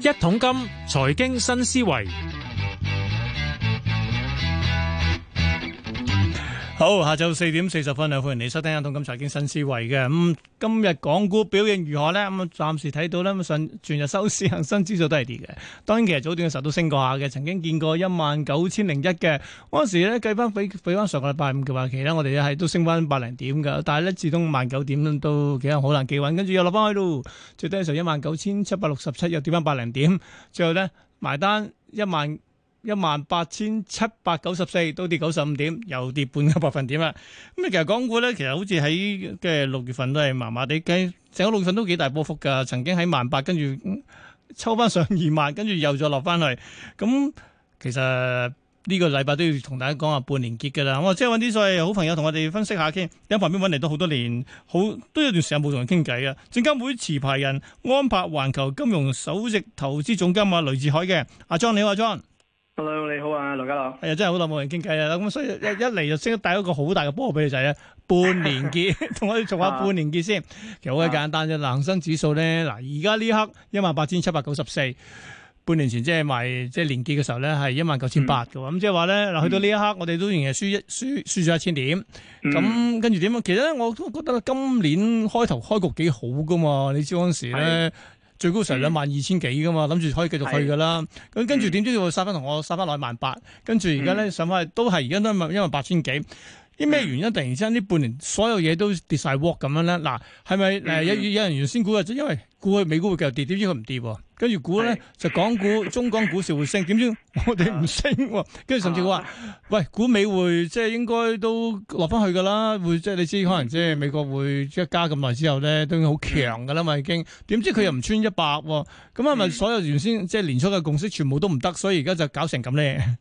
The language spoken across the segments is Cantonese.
一桶金，財經新思維。好，下晝四點四十分啊，歡迎你收聽《東金財經新思維》嘅。咁，今日港股表現如何咧？咁暫時睇到咧，咁順全日收市恒生指數都係跌嘅。當然，其實早段嘅時候都升過下嘅，曾經見過一萬九千零一嘅嗰陣時咧，計翻比比翻上個禮拜五嘅假期咧，我哋咧係都升翻百零點噶。但係咧，至到萬九點都幾好難企穩，跟住又落翻去到最低嘅時候，一萬九千七百六十七又跌翻百零點，最後咧埋單一萬。一萬八千七百九十四都跌九十五點，又跌半個百分點啦。咁啊，其實港股咧，其實好似喺嘅六月份都係麻麻地計，成個六月份都幾大波幅噶。曾經喺萬八，跟、嗯、住抽翻上二萬，跟住又再落翻去。咁、嗯、其實呢、這個禮拜都要同大家講下半年結噶啦。我、哦、即係搵啲所謂好朋友同我哋分析一下先。因為旁邊搵嚟都好多年，好都有段時間冇同人傾偈啊。證監會持牌人安柏環球金融首席投資總監阿雷志海嘅阿莊，你好，阿莊。Hello，你好啊，劉家樂。係啊，真係好耐冇人傾偈啦。咁所以一帶一嚟，就先帶咗個好大嘅波俾你仔啊！半年結，同 我哋做下半年結先。其實好鬼簡單啫。恒生指數咧，嗱，而家呢刻一萬八千七百九十四。半年前即係賣，即係年結嘅時候咧、嗯，係一萬九千八嘅。咁即係話咧，嗱，去到呢一刻我一，我哋都仍然係輸一輸，輸咗一千點。咁、嗯、跟住點？其實呢我都覺得今年開頭開局幾好噶嘛。你知嗰陣時咧。最高成兩、嗯、萬二千幾噶嘛，諗住可以繼續去噶啦。咁跟住點都要殺翻同我殺翻兩萬八，18, 跟住而家咧上翻去都係而家都係因為八千幾。啲咩原因突然之間呢半年所有嘢都跌晒鑊咁樣咧？嗱、啊，係咪有有人原先估嘅？因為估美股會繼續跌，點知佢唔跌、啊，跟住估咧就港股、中港股市會升，點知我哋唔升、啊，跟住甚至話喂，估美匯即係應該都落翻去㗎啦，會即你知可能即係美國會一加咁耐之後咧，都好強㗎啦嘛已經嘛，點知佢又唔穿一百、啊，咁係咪所有原先即係年初嘅共識全部都唔得，所以而家就搞成咁咧？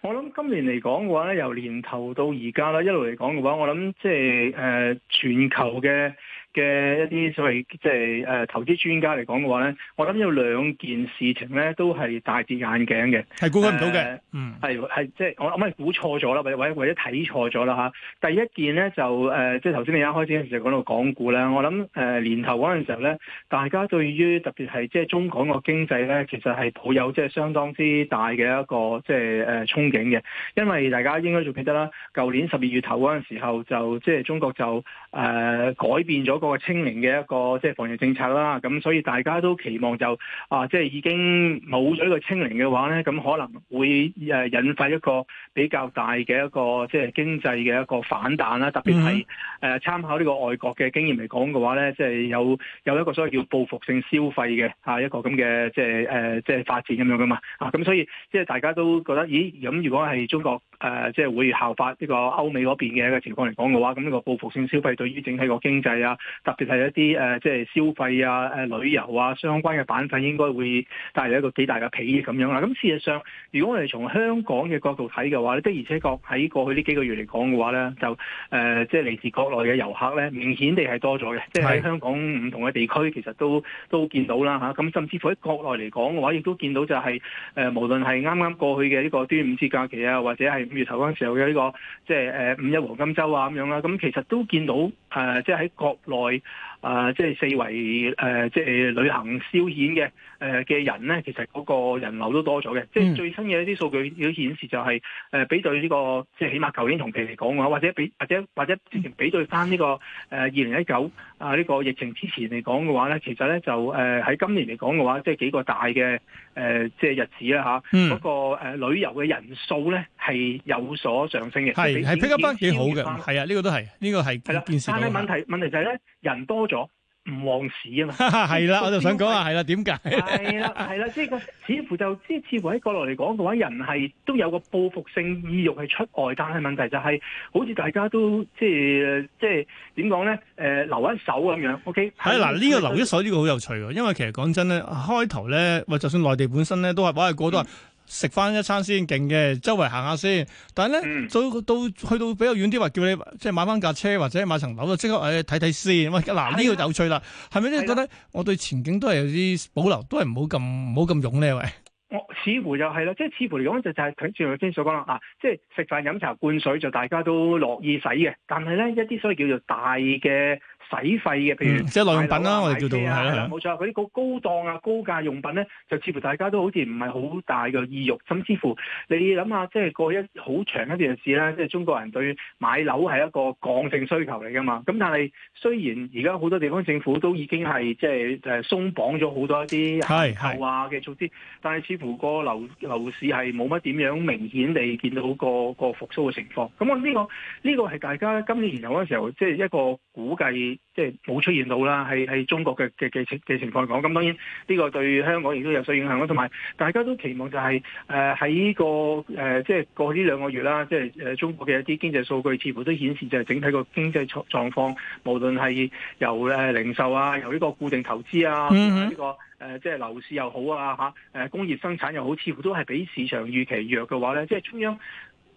我諗今年嚟講嘅話咧，由年頭到而家啦，一路嚟講嘅話，我諗即係誒，全球嘅。嘅一啲所謂即係誒投資專家嚟講嘅話咧，我諗有兩件事情咧都係大跌眼鏡嘅，係估計唔到嘅，嗯、uh，係係即係我諗係估錯咗啦，或者或者睇錯咗啦嚇。第一件咧就誒，即係頭先你一開始嘅、呃、時候講到港股啦，我諗誒年頭嗰陣時候咧，大家對於特別係即係中港個經濟咧，其實係抱有即係、就是、相當之大嘅一個即係誒憧憬嘅，因為大家應該仲記得啦，舊年十二月頭嗰陣時候就即係、就是、中國就誒、呃、改變咗個個清零嘅一個即係防疫政策啦，咁所以大家都期望就啊，即係已經冇咗個清零嘅話咧，咁可能會誒引發一個比較大嘅一個即係經濟嘅一個反彈啦。特別係誒參考呢個外國嘅經驗嚟講嘅話咧，即係有有一個所謂叫報復性消費嘅啊一個咁嘅即係誒即係發展咁樣噶嘛啊，咁所以即係大家都覺得咦，咁如果係中國誒、呃，即、就、係、是、會效法呢個歐美嗰邊嘅一個情況嚟講嘅話，咁呢個報復性消費對於整體個經濟啊，特別係一啲誒，即、呃、係、就是、消費啊、誒、呃、旅遊啊相關嘅板塊，應該會帶嚟一個幾大嘅裨益咁樣啦。咁事實上，如果我哋從香港嘅角度睇嘅話咧，的而且確喺過去呢幾個月嚟講嘅話呢，就誒，即係嚟自國內嘅遊客呢，明顯地係多咗嘅，即係喺香港唔同嘅地區，其實都都見到啦嚇。咁、啊、甚至乎喺國內嚟講嘅話，亦都見到就係、是、誒、呃，無論係啱啱過去嘅呢個端午節假期啊，或者係五月頭嗰陣時候嘅呢個，即係誒五一黃金周啊咁樣啦，咁其實都見到。誒、呃，即係喺國內，誒、呃，即係四圍，誒、呃，即係旅行消遣嘅，誒嘅人咧，其實嗰個人流都多咗嘅、嗯。即係最新嘅一啲數據要顯示就係、是，誒、呃，比對呢、這個，即係起碼舊年同期嚟講嘅話，或者比，或者或者之前比對翻、這、呢個，誒、呃，二零一九啊，呢、這個疫情之前嚟講嘅話咧，其實咧就，誒，喺今年嚟講嘅話，即係幾個大嘅，誒、呃，即係日子啦嚇，嗰、啊嗯那個旅遊嘅人數咧係有所上升嘅。係係，是比較翻幾好嘅，係啊，呢、這個都係，呢、這個係件事。但係問題問題就係咧，人多咗唔旺市啊嘛，係 啦，我就想講下，係啦，點解？係啦，係啦，即係個似乎就即係似乎喺國內嚟講嘅話，人係都有個報復性意欲係出外，但係問題就係、是、好似大家都即係即係點講咧？誒、呃，留一手咁樣。O K，係啦，呢、這個留一手呢個好有趣因為其實講真咧，開頭咧，喂，就算內地本身咧，都係話係都係食翻一餐先勁嘅，周圍行下先。但係咧、嗯，到到去到比較遠啲，話叫你即係買翻架車或者買層樓，就即刻誒睇睇先。哇、哎！嗱，呢個有趣啦，係咪真係覺得我對前景都係有啲保留，都係唔好咁唔好咁勇咧？喂！我、哦、似乎就係、是、啦，即係似乎嚟講就就是、係，正如我先所講啦，啊，即係食飯飲茶灌水就大家都樂意使嘅，但係咧一啲所謂叫做大嘅使費嘅，譬如、嗯、即係耐、啊、用品啦，我哋叫做係啦，冇錯，嗰啲高高檔啊高價用品咧，就似乎大家都好似唔係好大嘅意欲，甚至乎你諗下，即係過一好長一段時咧，即係中國人對買樓係一個剛性需求嚟㗎嘛，咁但係雖然而家好多地方政府都已經係即係誒鬆綁咗好多一啲購啊嘅措施，但係似乎個樓樓市係冇乜點樣明顯地見到個個復甦嘅情況，咁我呢個呢個係大家今年年頭嘅時候，即係一個估計，即係冇出現到啦，喺喺中國嘅嘅嘅情嘅情況嚟講。咁當然呢個對香港亦都有所影響啦。同埋大家都期望就係誒喺呢個誒即係過去呢兩個月啦，即係誒中國嘅一啲經濟數據似乎都顯示就係整體個經濟狀狀況，無論係由誒零售啊，由呢個固定投資啊，呢個。誒、呃，即係樓市又好啊，吓、啊、誒、呃，工業生產又好，似乎都係比市場預期弱嘅話咧，即係中央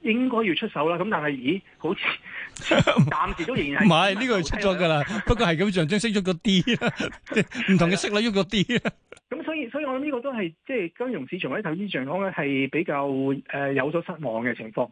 應該要出手啦。咁但係咦，好似暫 時都仍然係唔係呢個係出咗噶啦，不過係咁象徵升咗個 D 啦，唔 同嘅息率喐個 D 啦。咁、 嗯、所以，所以我諗呢個都係即係金融市場或者投資上講咧，係比較誒、呃、有咗失望嘅情況。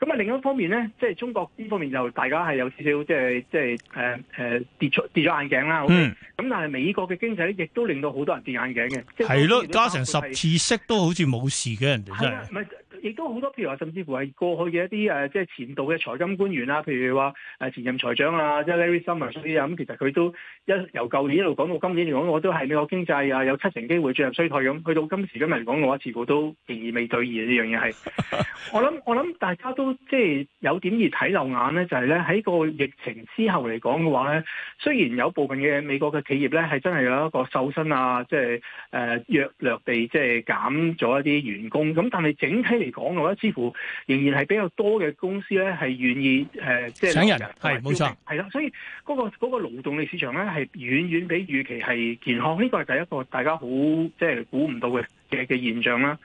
咁啊，另一方面咧，即係中國呢方面就大家係有少少即係即係誒誒，跌出跌咗眼鏡啦。咁、OK? 嗯，但係美國嘅經濟咧，亦都令到好多人跌眼鏡嘅。即係係咯，加成十次息都好似冇事嘅，人哋真係。亦都好多，譬如話，甚至乎係過去嘅一啲誒，即、呃、係前度嘅財金官員啊，譬如話誒前任財長啊，即係 Larry Summers 啊，咁其實佢都一由舊年一路講到今年嚟講，我都係美國經濟啊有七成機會進入衰退咁。去到今時今日嚟講嘅話，似乎都仍然未對意呢樣嘢係。我諗我諗大家都即係有點易睇漏眼咧，就係咧喺個疫情之後嚟講嘅話咧，雖然有部分嘅美國嘅企業咧係真係有一個瘦身啊，即係誒、呃、略略地即係減咗一啲員工，咁但係整體嚟講嘅，似乎仍然係比較多嘅公司咧，係願意誒，即係請人係冇錯，係、呃、啦，所以嗰、嗰個、嗰個勞動力市場咧係遠遠比預期係健康，呢個係第一個大家好即係估唔到嘅嘅嘅現象啦。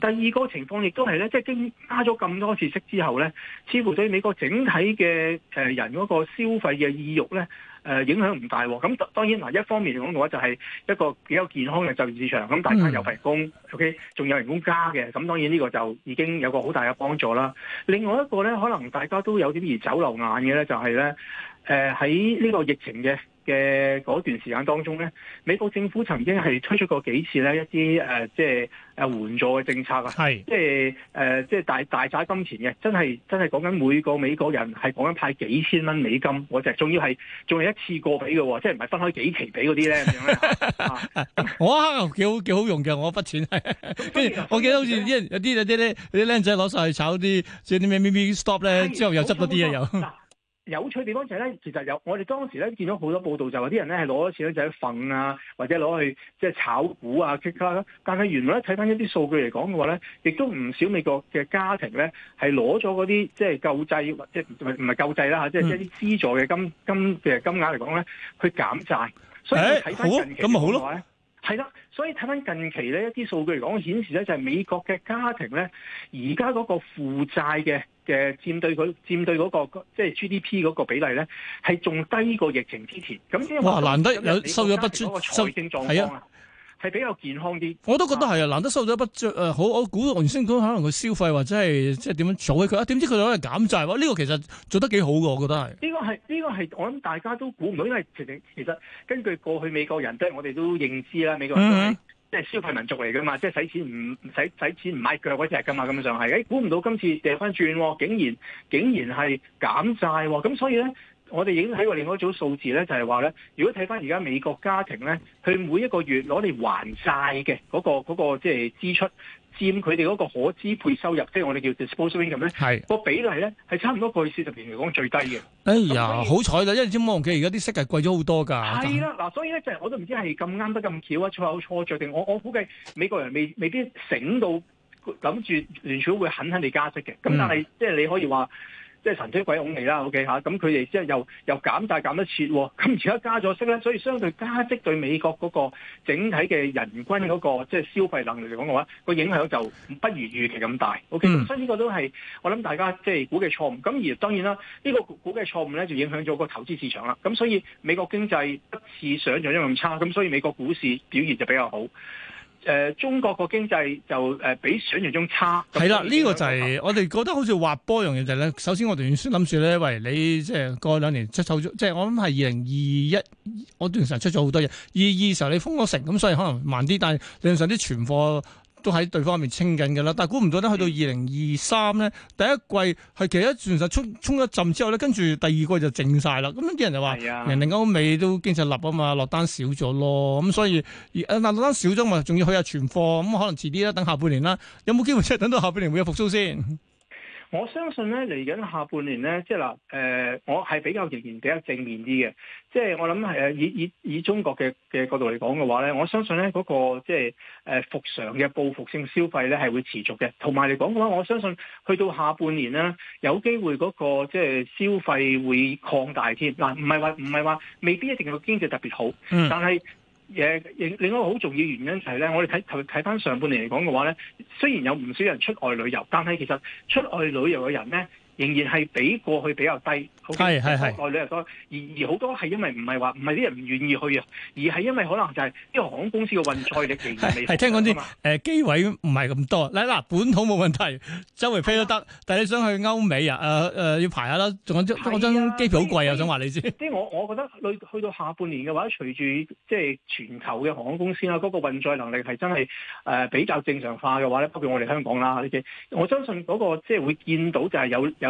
第二個情況亦都係咧，即、就、係、是、經加咗咁多次息之後咧，似乎對美國整體嘅誒人嗰個消費嘅意欲咧。誒、呃、影響唔大喎，哦，咁當然嗱，一方面嚟講嘅話就係一個比較健康嘅就業市場，咁大家有份工、嗯，OK，仲有人工加嘅，咁當然呢個就已經有個好大嘅幫助啦。另外一個咧，可能大家都有啲而走漏眼嘅咧，就係、是、咧，誒喺呢個疫情嘅嘅嗰段時間當中咧，美國政府曾經係推出過幾次咧，一啲誒、呃，即係誒援助嘅政策啊，係、呃、即係誒即係大大曬金錢嘅，真係真係講緊每個美國人係講緊派幾千蚊美金，我哋仲要係仲係一次過俾嘅，即係唔係分開幾期俾嗰啲咧？我覺得幾好幾好用嘅，我一筆錢，跟、嗯、住、嗯嗯、我記得好似啲有啲有啲咧，啲僆仔攞晒去炒啲即係啲咩咩 stop 咧，之後又執咗啲嘢又。 有趣嘅地方就係、是、咧，其實有我哋當時咧見到好多報道，就話、是、啲人咧係攞咗錢咧就去墳啊，或者攞去即係炒股啊 kick 啦。但係原來咧睇翻一啲數據嚟講嘅話咧，亦都唔少美國嘅家庭咧係攞咗嗰啲即係救濟或者唔係唔係救濟啦嚇，即係一啲資助嘅金金嘅金額嚟講咧，去減債。所以睇翻近期、欸、好話係啦，所以睇翻近期咧一啲數據嚟講，顯示咧就係、是、美國嘅家庭咧，而家嗰個負債嘅嘅佔對佢嗰、那個即係、就是、GDP 嗰個比例咧，係仲低過疫情之前。咁哇，難得有收咗不輸財政狀況啊！係比較健康啲，我都覺得係啊！難得收咗一筆誒，好我估原先講可能佢消費或者係即係點樣做起佢啊？點知佢攞嚟減債喎？呢個其實做得幾好嘅，我覺得係。呢個係呢個係我諗大家都估唔到，因為其實其實根據過去美國人即係我哋都認知啦，美國人即係消費民族嚟㗎嘛，即係使錢唔使使錢唔買腳嗰隻㗎嘛，咁樣就係誒估唔到今次掉翻轉喎，竟然竟然係減債喎，咁所以呢。我哋已經睇過另外一組數字咧，就係話咧，如果睇翻而家美國家庭咧，佢每一個月攞嚟還債嘅嗰個嗰個即係支出，佔佢哋嗰個可支配收入，即係我哋叫 disposable income 咧，個比例咧係差唔多過去四十年嚟講最低嘅。哎呀，好彩啦，因為你知解我而家啲息係貴咗好多㗎。係啦、啊，嗱、啊，所以咧就係、是、我都唔知係咁啱得咁巧啊，錯有錯著定我我估計美國人未未必醒到諗住聯儲會狠狠地加息嘅。咁、嗯、但係即係你可以話。即係神推鬼㧬嚟啦，OK 吓、啊，咁佢哋即係又又減大減得切，咁而家加咗息咧，所以相對加息對美國嗰個整體嘅人均嗰、嗰個即係消費能力嚟講嘅話，個影響就不如預期咁大，OK，、嗯、所以呢個都係我諗大家即係估嘅錯誤。咁而當然啦，呢、呢個估嘅錯誤咧就影響咗個投資市場啦。咁所以美國經濟不似想象中咁差，咁所以美國股市表現就比較好。誒、呃、中國個經濟就誒、呃、比想象中差。係啦，呢、這個就係我哋覺得好似滑坡一樣，就係咧。首先我哋原諗住咧，喂，你即係過兩年出手咗，即、就、係、是、我諗係二零二一，我段時候出咗好多嘢，二二時候你封咗城，咁所以可能慢啲，但係理論上啲存貨。都喺對方面清緊㗎啦，但係估唔到咧，去到二零二三咧，第一季係其實一全轉衝衝衝一陣之後咧，跟住第二季就靜晒啦。咁啲人就話，人哋歐美都經濟立啊嘛，落單少咗咯。咁所以，嗱落單少咗咪仲要去下存貨，咁可能遲啲啦，等下半年啦，有冇機會即係等到下半年會有復甦先？我相信咧，嚟緊下半年咧，即係嗱，誒，我係比較仍然比較正面啲嘅。即係我諗係誒，以以以中國嘅嘅角度嚟講嘅話咧，我相信咧嗰個即係誒復常嘅報復性消費咧係會持續嘅。同埋嚟講嘅話，我相信去到下半年咧，有機會嗰個即係消費會擴大添。嗱，唔係話唔係話未必一定要經濟特別好，嗯，但係。嘢，另另一個好重要原因就係咧，我哋睇睇睇翻上半年嚟講嘅話咧，雖然有唔少人出外旅遊，但係其實出外旅遊嘅人咧。仍然係比過去比較低，好啲內裏又多，而而好多係因為唔係話唔係啲人唔願意去啊，而係因為可能就係啲航空公司嘅運載力仍然未係聽講啲誒機位唔係咁多，嗱嗱本土冇問題，周圍飛都得，啊，但係你想去歐美啊誒誒要排一下啦，講真張機票好貴啊，我想話你知即係我我覺得去到下半年嘅話，隨住即係全球嘅航空公司啦，嗰、那個運載能力係真係誒、呃、比較正常化嘅話咧，包括我哋香港啦呢啲，我相信嗰、那個即係會見到就係有有。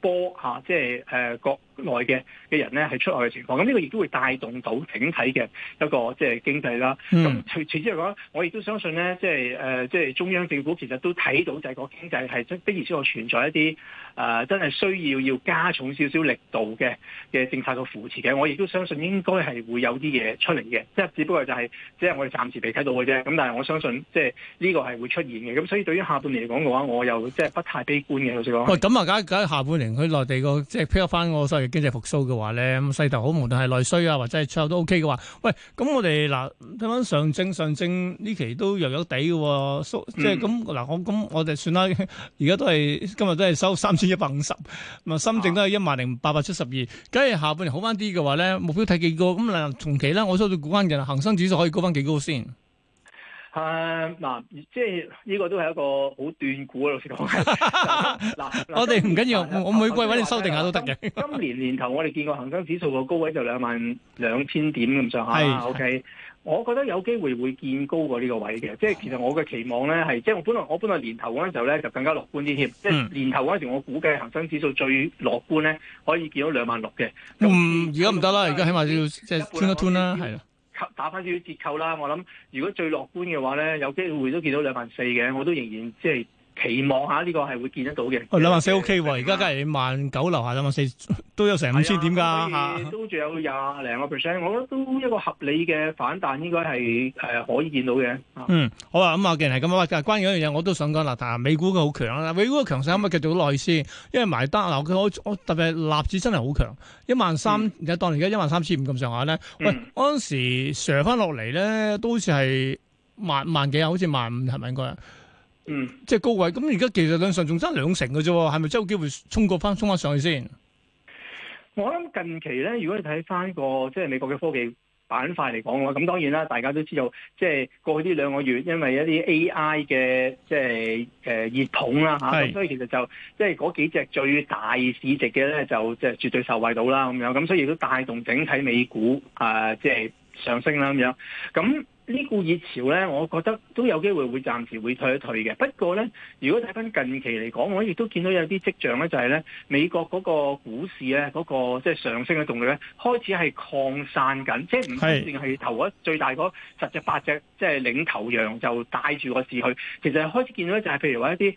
波嚇，即係誒國內嘅嘅人咧，係出外嘅情況。咁呢個亦都會帶動到整體嘅一個即係、就是、經濟啦。咁、嗯、除，除此之外嘅話，我亦都相信咧，即係誒、呃、即係中央政府其實都睇到就係個經濟係的而且確存在一啲誒、呃、真係需要要加重少少力度嘅嘅政策嘅扶持嘅。我亦都相信應該係會有啲嘢出嚟嘅，即係只不過就係、是、即係我哋暫時未睇到嘅啫。咁但係我相信即係呢、這個係會出現嘅。咁所以對於下半年嚟講嘅話，我又即係不太悲觀嘅。老實講咁啊，梗、哦、梗下半年。佢內地個即係 pull 翻個所謂經濟復甦嘅話咧，咁勢頭好，無論係內需啊，或者係出口都 OK 嘅話，喂，咁我哋嗱，睇翻上證上證呢期都弱弱地嘅，即係咁嗱，嗱我咁我哋算啦，而家都係今日都係收三千一百五十，咁啊深證都係一萬零八百七十二，假如下半年好翻啲嘅話咧，目標睇幾高，咁嗱，同期啦，我收到估灣日恒生指數可以高翻幾高先？誒、嗯，嗱，即係呢，這個都係一個好斷估嘅，老實講，嗱 啦， 我哋唔緊要，我每季位你收定下都得嘅。今年年頭我哋見過恒生指數個高位就兩萬兩千點咁上下 OK，我覺得有機會會見高過呢個位嘅，即係其實我嘅期望咧係，即係我本來我本來年頭嗰陣時候咧就更加樂觀啲添。嗯，即係年頭嗰陣時我估計恒生指數最樂觀咧可以見到兩萬六嘅。咁而家唔得啦，而家起碼要即係 turn 一 turn 啦，係啦。打翻少少折扣啦，我諗如果最樂觀嘅話咧，有機會都見到兩萬四嘅，我都仍然即係。期望下呢、這個係會見得到嘅，兩萬四 OK 喎，而家梗係萬九樓下，兩萬四都有成五千點㗎、啊啊、都仲有廿零個 percent， 我覺得都一個合理嘅反彈應該係可以見到嘅、啊。嗯，好啦咁啊，既然係咁啊，但關於一樣嘢我都想講啦，但係美股佢好強啦，美股嘅強勢可唔可以繼續耐先？因為埋單嗱，我我特別係納指真係好強，一萬三而家當年而家一萬三千五咁上下咧，喂，嗰陣時上翻落嚟咧都好似係萬萬幾啊，好似萬五係咪應該？嗯，即係高位咁，而家其實兩上仲差兩成嘅啫，係咪真有機會衝過翻，衝翻上去先？我諗近期咧，如果你睇翻個即係美國嘅科技板塊嚟講嘅話，咁當然啦，大家都知道，即係過去呢兩個月，因為一啲 AI 嘅即係誒熱捧啦吓，咁所以其實就即係嗰幾隻最大市值嘅咧，就即係絕對受惠到啦咁樣，咁所以都帶動整體美股啊，即係上升啦咁樣，咁。股意呢股熱潮咧，我覺得都有機會會暫時會退一退嘅。不過咧，如果睇翻近期嚟講，我亦都見到有啲跡象咧，就係咧美國嗰個股市咧嗰、嗰個即係上升嘅動力咧，開始係擴散緊，即係唔單止係頭嗰最大嗰十隻八隻即係領頭羊就帶住個市去，其實開始見到咧就係、係、譬如話一啲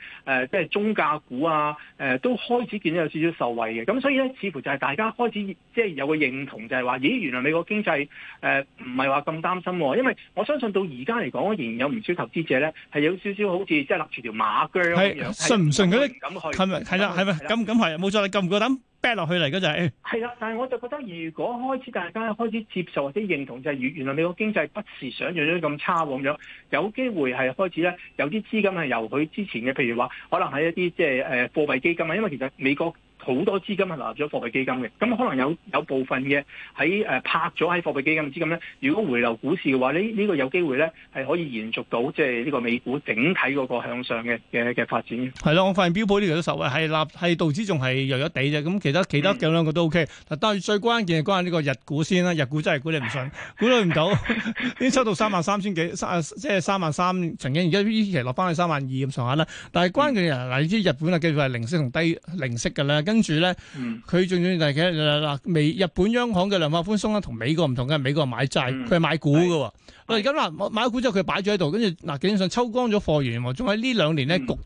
即係中價股啊、呃、都開始見到有少少受惠嘅。咁所以咧，似乎就係大家開始即係、就係、有個認同就，就係話咦，原來美國經濟誒唔係話咁擔心喎、啊，因為我我相信到而家嚟講，仍然有唔少投資者咧，係有少少好似即係立住條馬腳咁樣，信唔信嗰啲唔敢去係咪？係啦，係咪？咁咁係冇錯，你唔個膽跌落去嚟嘅就係。係啦、啊，但係我就覺得，如果開始大家開始接受或者認同，就係原原來美國經濟不是想像咗咁差咁樣，有機會係開始咧，有啲資金係由佢之前嘅，譬如話可能喺一啲即係誒貨幣基金啊，因為其實美國。好多資金係流入咗貨幣基金嘅，咁可能有有部分嘅喺誒拍咗喺貨幣基金嘅資金咧，如果回流股市嘅話，呢呢個有機會咧係可以延續到即係呢個美股整體嗰個向上嘅嘅嘅發展嘅。係啦，我發現標普呢個都實惠，係納係道指仲係弱弱地啫。咁其他其他幾兩個都 O K。嗱，但係最關鍵係關係呢個日股先啦，日股真係估你唔信，估你唔到，已經收到三萬三千幾，三即係三萬三，曾經而家呢期落翻去三萬二咁上下啦。但係關鍵係嗱，你知日本啊，幾乎係零息同低零息嘅啦。跟住咧，佢仲要就係其實嗱，美日本央行嘅量化寬鬆咧，同美國唔同嘅，美國買債，佢、嗯、係買股㗎。喂，咁嗱買股之後佢擺咗喺度，跟住嗱，基本上抽乾咗貨源，仲喺呢兩年咧焗。嗯。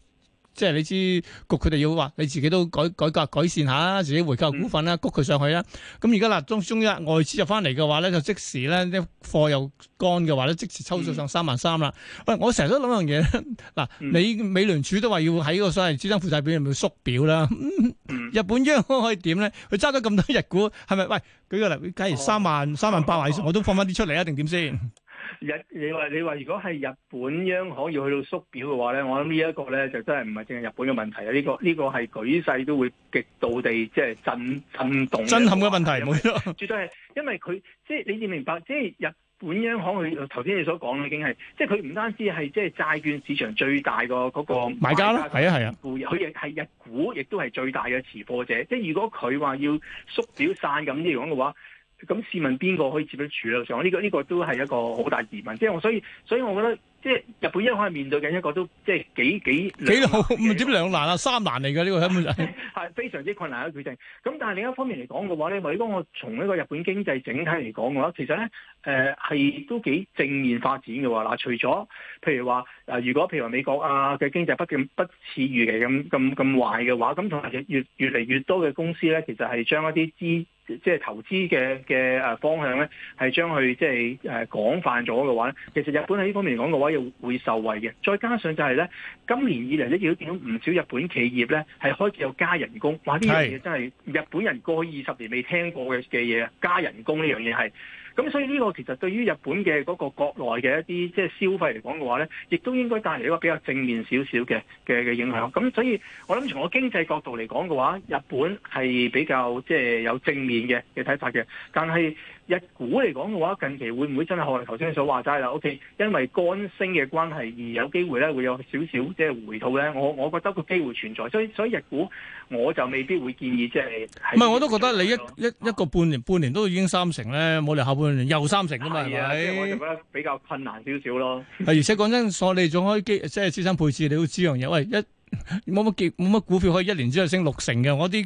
即係你知局，佢哋要話你自己都改改革改善下啦，自己回購股份啦，谷、嗯、佢上去啦。咁而家啦中中一外資入翻嚟嘅話咧，就即時咧啲貨又乾嘅話咧，即時抽數上三萬三啦、嗯。喂，我成日都諗樣嘢咧，嗱、啊，你美聯儲都話要喺個所謂資產負債表入面縮表啦、嗯嗯，日本央行可以點咧？佢揸咗咁多日股，係咪喂？舉個例，假如三萬三萬八萬以上，我都放翻啲出嚟啊，定點先？嗯嗯。日，你話你話，如果係日本央行要去到縮表嘅話咧，我諗呢一個咧就真係唔係淨係日本嘅問題啊！呢個呢個係舉世都會極度地即係震震動的、震撼嘅問題。絕對係， 因為佢即係你要明白，即係日本央行佢頭先你所講已經係，即係佢唔單止係即係債券市場最大個嗰個買家啦，係啊係啊，佢亦係日股亦都係最大嘅持貨者。即係如果佢話要縮表散咁樣嘅話，咁試問邊個可以接得住咧？上呢個呢個都係一個好大疑問，即係我所以所以，所以我覺得。即係日本一方係面對緊一個都即係幾幾幾好唔係點兩難啊三難嚟㗎。呢、這個係 非常之困難嘅決定。咁但係另一方面嚟講嘅話咧，如果我從一個日本經濟整體嚟講嘅話，其實咧誒係都幾正面發展嘅。嗱，除咗譬如話如果譬如話美國啊嘅經濟不見不似預期咁咁咁壞嘅話，咁同埋越越越嚟越多嘅公司咧，其實係將一啲資即係投資嘅嘅誒方向咧，係將佢即係誒廣泛咗嘅話咧，其實日本喺呢方面嚟講嘅話。可以會受惠嘅，再加上就係咧，今年以嚟咧亦都見到唔少日本企業咧係開始有加人工，哇！呢樣嘢真係日本人過去二十年未聽過嘅嘅嘢，加人工呢樣嘢係。咁所以呢個其實對於日本嘅嗰個國內嘅一啲即係消費嚟講嘅話咧，亦都應該帶嚟一個比較正面少少嘅嘅嘅影響。咁、嗯、所以我諗從個經濟角度嚟講嘅話，日本係比較即係有正面嘅嘅睇法嘅。但係日股嚟講嘅話，近期會唔會真係學我頭先所話齋啦？OK，因為乾升嘅關係而有機會咧，會有少少即係回吐咧。我我覺得個機會存在，所以所以日股我就未必會建議即係唔係我都覺得你一一一個半年、嗯、半年都已經三成咧，冇嚟後又三成㗎嘛，係咪、啊？我就我覺得比較困難少少咯。誒，而且講真，索你仲開機，即係資產配置，你都知樣嘢。喂，一。冇乜冇乜股票可以一年之內升六成嘅。我啲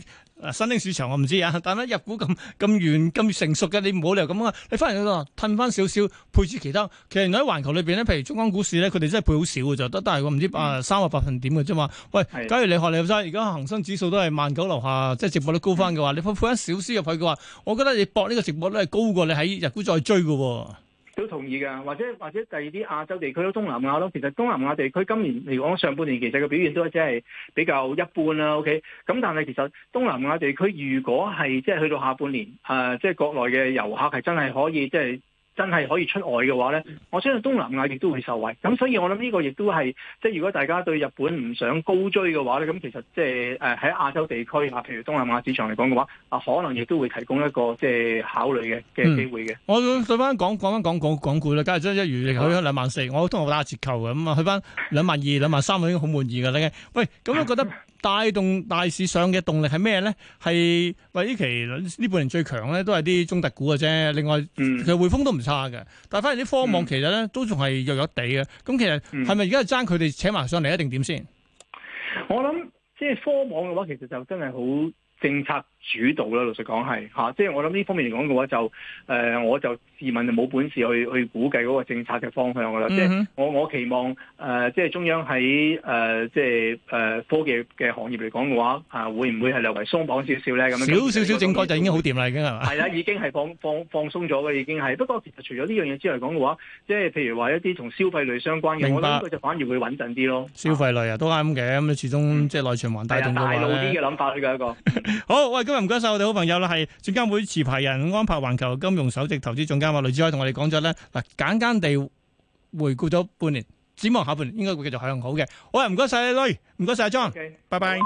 新興市場我唔知啊，但係日股咁咁遠咁成熟嘅，你唔好理由咁啊。你翻嚟嗰度褪翻少少，配置其他。其實喺環球裏邊咧，譬如中港股市咧，佢哋真係配好少嘅，就得我唔知、嗯、啊三個百分點嘅啫嘛。喂，假如你學你阿生，而家恒生指數都係萬九樓下，即係直播率高翻嘅話，你配配翻少少入去嘅話，我覺得你博呢個直播率係高過你喺日股再追嘅。都同意㗎，或者或者第二啲亞洲地區都東南亞咯，其實東南亞地區今年嚟講上半年其實個表現都係即係比較一般啦。OK，咁但係其實東南亞地區如果係即係去到下半年，即、呃、係、即係、國內嘅遊客係真係可以即係。即係真係可以出外嘅話咧，我相信東南亞亦都會受惠。咁所以我諗呢個亦都係即係如果大家對日本唔想高追嘅話咧，咁其實即係誒喺亞洲地區啊，譬如東南亞市場嚟講嘅話，啊可能亦都會提供一個即係考慮嘅嘅機會嘅、嗯。我對翻講講翻講講港股啦，假如將一如去咗兩萬四，我通常打折扣嘅咁啊，去翻兩萬二兩萬三我已經好滿意㗎啦。喂，咁樣覺得？啊帶動大市上嘅動力係咩咧？係喂，呢期呢半年最強咧，都係啲中特股嘅啫。另外，嗯、其實匯豐都唔差嘅，但係反而啲科網其實咧、嗯、都仲係弱弱地嘅。咁其實係咪而家係爭佢哋請埋上嚟，一定點先？我諗即係科網嘅話，其實就真係好政策。主導啦，老實講係吓，即係我諗呢方面嚟講嘅話就誒、呃，我就自問就冇本事去去估計嗰個政策嘅方向噶啦、嗯。即係我我期望誒、呃，即係中央喺誒、呃、即係誒、呃、科技嘅行業嚟講嘅話，啊會唔會係略為鬆綁少少咧？咁少少少整改就已經好掂啦，已經係係啦，已經係放放放鬆咗嘅，已經係。不過其實除咗呢樣嘢之外講嘅話，即係譬如話一啲同消費類相關嘅，我諗佢就反而會穩陣啲咯。消費類啊，都啱嘅，咁始終即係內循環帶動嘅大腦啲嘅諗法嚟嘅一個。嗯、 好，喂。今日唔該晒我哋好朋友啦，係證監會持牌人安柏環球金融首席投資總監嘛，雷志海同我哋講咗咧，嗱，簡簡地回顧咗半年，展望下半年應該會繼續向好嘅。好啊唔該晒阿雷，唔該晒阿莊，拜拜。